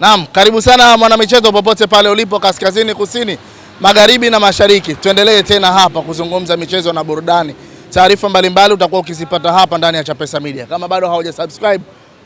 Naam, karibu sana mwanamichezo popote pale ulipo kaskazini, kusini, magharibi na mashariki. Tuendelee tena hapa kuzungumza michezo na burudani. Taarifa mbalimbali utakuwa ukizipata hapa ndani ya Chapesa Media. Kama bado subscribe,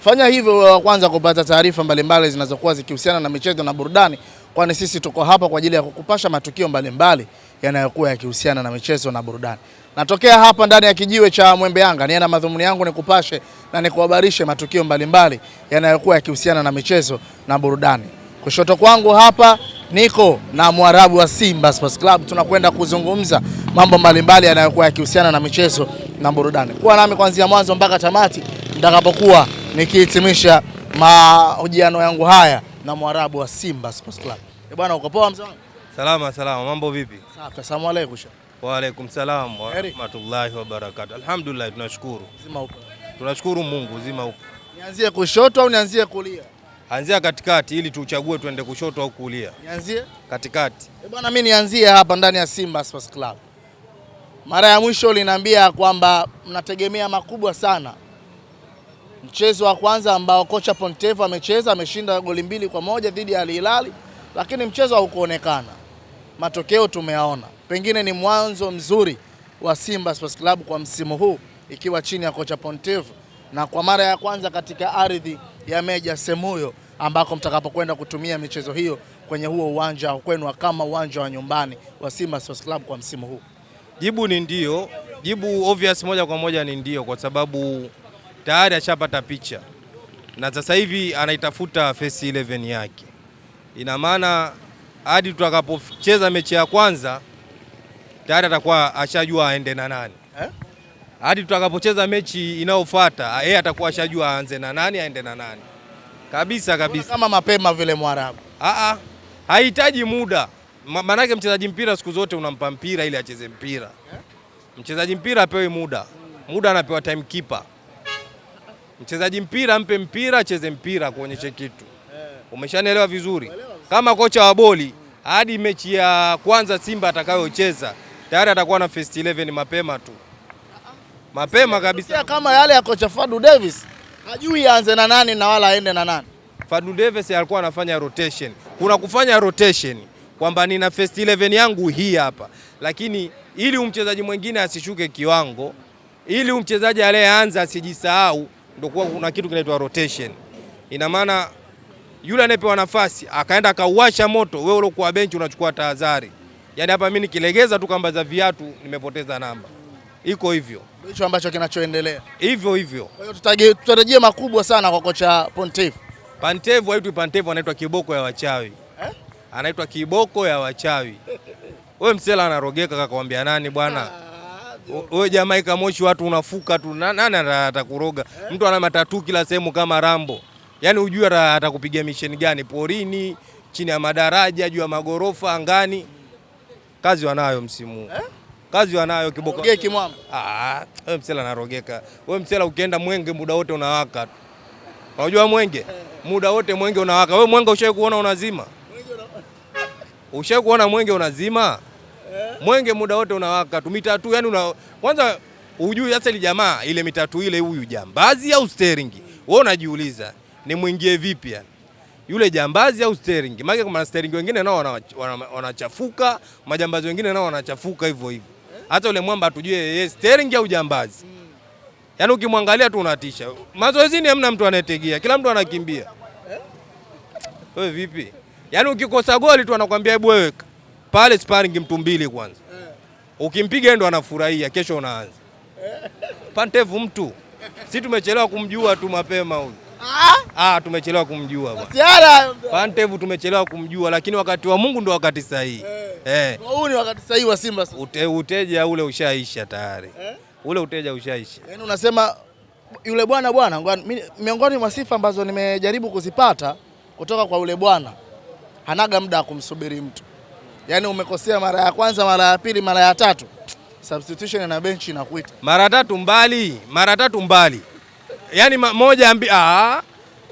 fanya hivyo wa kwanza kupata taarifa mbalimbali zinazokuwa zikihusiana na michezo na burudani, kwani sisi tuko hapa kwa ajili ya kukupasha matukio mbalimbali yanayokuwa yakihusiana na michezo na burudani. Natokea hapa ndani ya kijiwe cha Mwembe Yanga, niye na madhumuni yangu ni kupashe na nikuhabarishe matukio mbalimbali yanayokuwa yakihusiana na michezo na burudani. Kushoto kwangu hapa niko na Mwarabu wa Simba Sports Club, tunakwenda kuzungumza mambo mbalimbali yanayokuwa yakihusiana na michezo na burudani. Kuwa nami kuanzia mwanzo mpaka tamati nitakapokuwa nikihitimisha mahojiano yangu haya na Mwarabu wa Simba Sports Club. Eh, bwana uko poa mzee wangu? Salama salama, mambo vipi? Safi, asalamu alaykum. Wa alaikum salam wa rahmatullahi wa barakatuh. Alhamdulillah, tunashukuru tunashukuru Mungu zima upo. Nianzie kushoto au nianzie kulia? Anzia katikati ili tuchague tuende kushoto au kulia. Nianzie katikati. E bwana mimi nianzie hapa ndani ya Simba Sports Club. Mara ya mwisho linaambia kwamba mnategemea makubwa sana. Mchezo wa kwanza ambao kocha Pontevo amecheza ameshinda goli mbili kwa moja dhidi ya Al Hilal, lakini mchezo haukuonekana. Matokeo tumeyaona pengine ni mwanzo mzuri wa Simba Sports Club kwa msimu huu ikiwa chini ya kocha Pontev na kwa mara ya kwanza katika ardhi ya Meja Semuyo ambako mtakapokwenda kutumia michezo hiyo kwenye huo uwanja kwenu kama uwanja wa nyumbani wa Simba Sports Club kwa msimu huu. Jibu ni ndio, jibu obvious moja kwa moja ni ndio, kwa sababu tayari ashapata picha na sasa hivi anaitafuta face 11 yake. Ina maana hadi tutakapocheza mechi ya kwanza tayari atakuwa ashajua aende na nani eh? hadi tutakapocheza mechi inayofuata yeye atakuwa ashajua aanze na nani aende na nani kabisa kabisa, kama mapema vile Mwarabu. Ah ah, hahitaji muda, maanake mchezaji mpira siku zote unampa mpira ili acheze mpira eh? mchezaji mpira apewe muda, muda anapewa timekeeper. Mchezaji mpira mpe mpira acheze mpira, kuonyeshe kitu. Eh. Umeshanielewa vizuri? Kama kocha wa boli hadi mechi ya kwanza Simba atakayocheza tayari atakuwa na first 11 mapema tu, mapema kabisa, kama yale ya kocha Fadu Davis. Hajui aanze na nani na wala aende na nani. Fadu Davis alikuwa anafanya rotation. Kuna kufanya rotation kwamba nina first 11 yangu hii hapa, lakini ili umchezaji mwingine asishuke kiwango, ili umchezaji aliyeanza asijisahau, ndio kuwa kuna kitu kinaitwa rotation. Ina maana yule anayepewa nafasi akaenda akauwasha moto, wewe uliokuwa benchi unachukua tahadhari. Yaani hapa mimi nikilegeza tu kamba za viatu nimepoteza namba, iko hivyo hicho ambacho kinachoendelea hivyo hivyo. Kwa hiyo tutarajie makubwa sana kwa kocha Pantev. Pantev haitwi Pantev, anaitwa kiboko ya wachawi eh? Anaitwa kiboko ya wachawi wewe msela anarogeka kakwambia nani bwana ah, wewe Jamaika moshi watu unafuka tu nani atakuroga eh? Mtu ana matatu kila sehemu kama Rambo, yaani hujui atakupiga misheni gani, porini, chini ya madaraja, juu ya magorofa, angani kazi wanayo msimu eh? kazi wanayo kiboko. Ah, wewe msela narogeka. Wewe msela ukienda mwenge muda wote unawaka Unajua mwenge? Eh. Muda wote mwenge unawaka. Wewe mwenge ushawahi kuona unazima? Ushawahi kuona mwenge unazima? Eh? Mwenge muda wote unawaka tu. Mitatu yani una kwanza hujui hasa ile jamaa ile mitatu ile huyu jambazi au steering. Wewe unajiuliza ni mwingie vipi yani? yule jambazi au steering. Maana kuna steering wengine nao wanachafuka, wana, wana majambazi wengine nao wanachafuka hivyo hivyo. Hata yule mwamba tujue yeye steering au jambazi. Yaani ukimwangalia tu unatisha. Mazoezini hamna mtu anayetegea, kila mtu anakimbia. Wewe vipi? Yaani ukikosa goli tu anakuambia hebu wewe pale sparring mtu mbili kwanza. Ukimpiga ndo anafurahia, kesho unaanza. Pantevu mtu. Si tumechelewa kumjua tu mapema huyo. Ah, ah, tumechelewa kumjua bwana. Pantevu tumechelewa kumjua, lakini wakati wa Mungu ndo wakati sahihi. Eh. eh. Huu ni wakati sahihi wa Simba sasa. Ute, uteja ule ushaisha tayari eh? Ule uteja ushaisha. Yaani unasema yule bwana bwana, miongoni mwa sifa ambazo nimejaribu kuzipata kutoka kwa yule bwana, hanaga muda wa kumsubiri mtu. Yaani umekosea mara ya kwanza, mara ya pili, mara ya tatu, substitution na benchi inakuita mara tatu mbali, mara tatu mbali yani moja ambi aa, ah,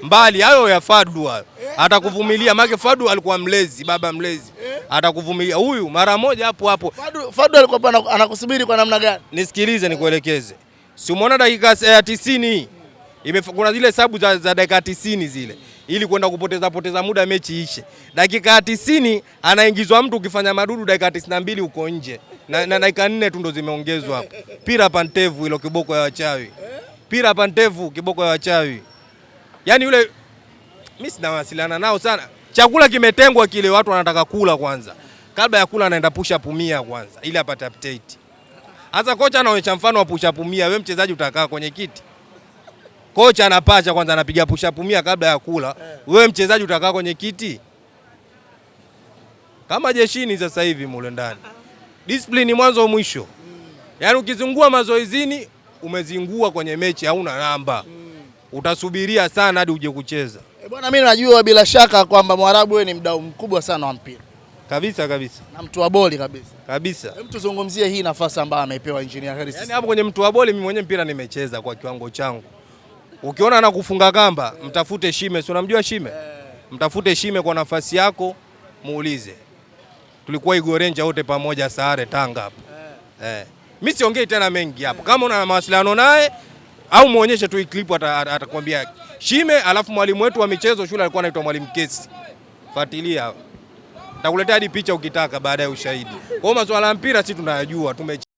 mbali hayo ya Fadu hayo atakuvumilia, maana Fadu alikuwa mlezi, baba mlezi, atakuvumilia huyu mara moja hapo hapo. Fadu, Fadu alikuwa anakusubiri kwa namna gani? Nisikilize nikuelekeze, si umeona dakika ya eh, tisini ime, kuna zile sabu za, za dakika tisini zile ili kwenda kupoteza poteza muda mechi ishe. Dakika ya tisini anaingizwa mtu, ukifanya madudu dakika tisini na mbili uko nje, na dakika nne tu ndo zimeongezwa hapo. Pira pantevu, ilo kiboko ya wachawi mpira hapa ndevu kiboko ya wachawi. Yaani yule mimi sinawasiliana nao sana. Chakula kimetengwa kile, watu wanataka kula kwanza. Kabla ya kula anaenda pusha pumia kwanza ili apate update. Hasa kocha anaonyesha mfano wa pusha pumia, wewe mchezaji utakaa kwenye kiti. Kocha anapacha kwanza anapiga pusha pumia kabla ya kula. Wewe eh. mchezaji utakaa kwenye kiti. Kama jeshini sasa hivi mule ndani. Ah, ah. Discipline mwanzo mwisho. Mm. Yaani ukizungua mazoezini umezingua kwenye mechi, hauna namba mm. Utasubiria sana hadi uje kucheza e, bwana. Mimi najua bila shaka kwamba Mwarabu wewe ni mdau mkubwa sana wa mpira kabisa kabisa na mtu wa boli kabisa kabisa. Hem, tuzungumzie hii nafasi ambayo amepewa Engineer Harris Yaani hapo kwenye mtu wa boli, mimi mwenyewe mpira nimecheza kwa kiwango changu. Ukiona anakufunga kamba, eh. mtafute Shime, si unamjua Shime? Eh. Mtafute Shime kwa nafasi yako, muulize. Tulikuwa Igorenja wote pamoja Sare Tanga hapo yeah. Mimi siongei tena mengi hapo, kama una mawasiliano naye au muonyeshe tu clip, atakwambia shime. Alafu mwalimu wetu wa michezo shule alikuwa anaitwa mwalimu Kesi, fuatilia, nitakuletea hadi picha ukitaka, baadaye ushahidi. Kwa hiyo masuala ya mpira si tunayajua tume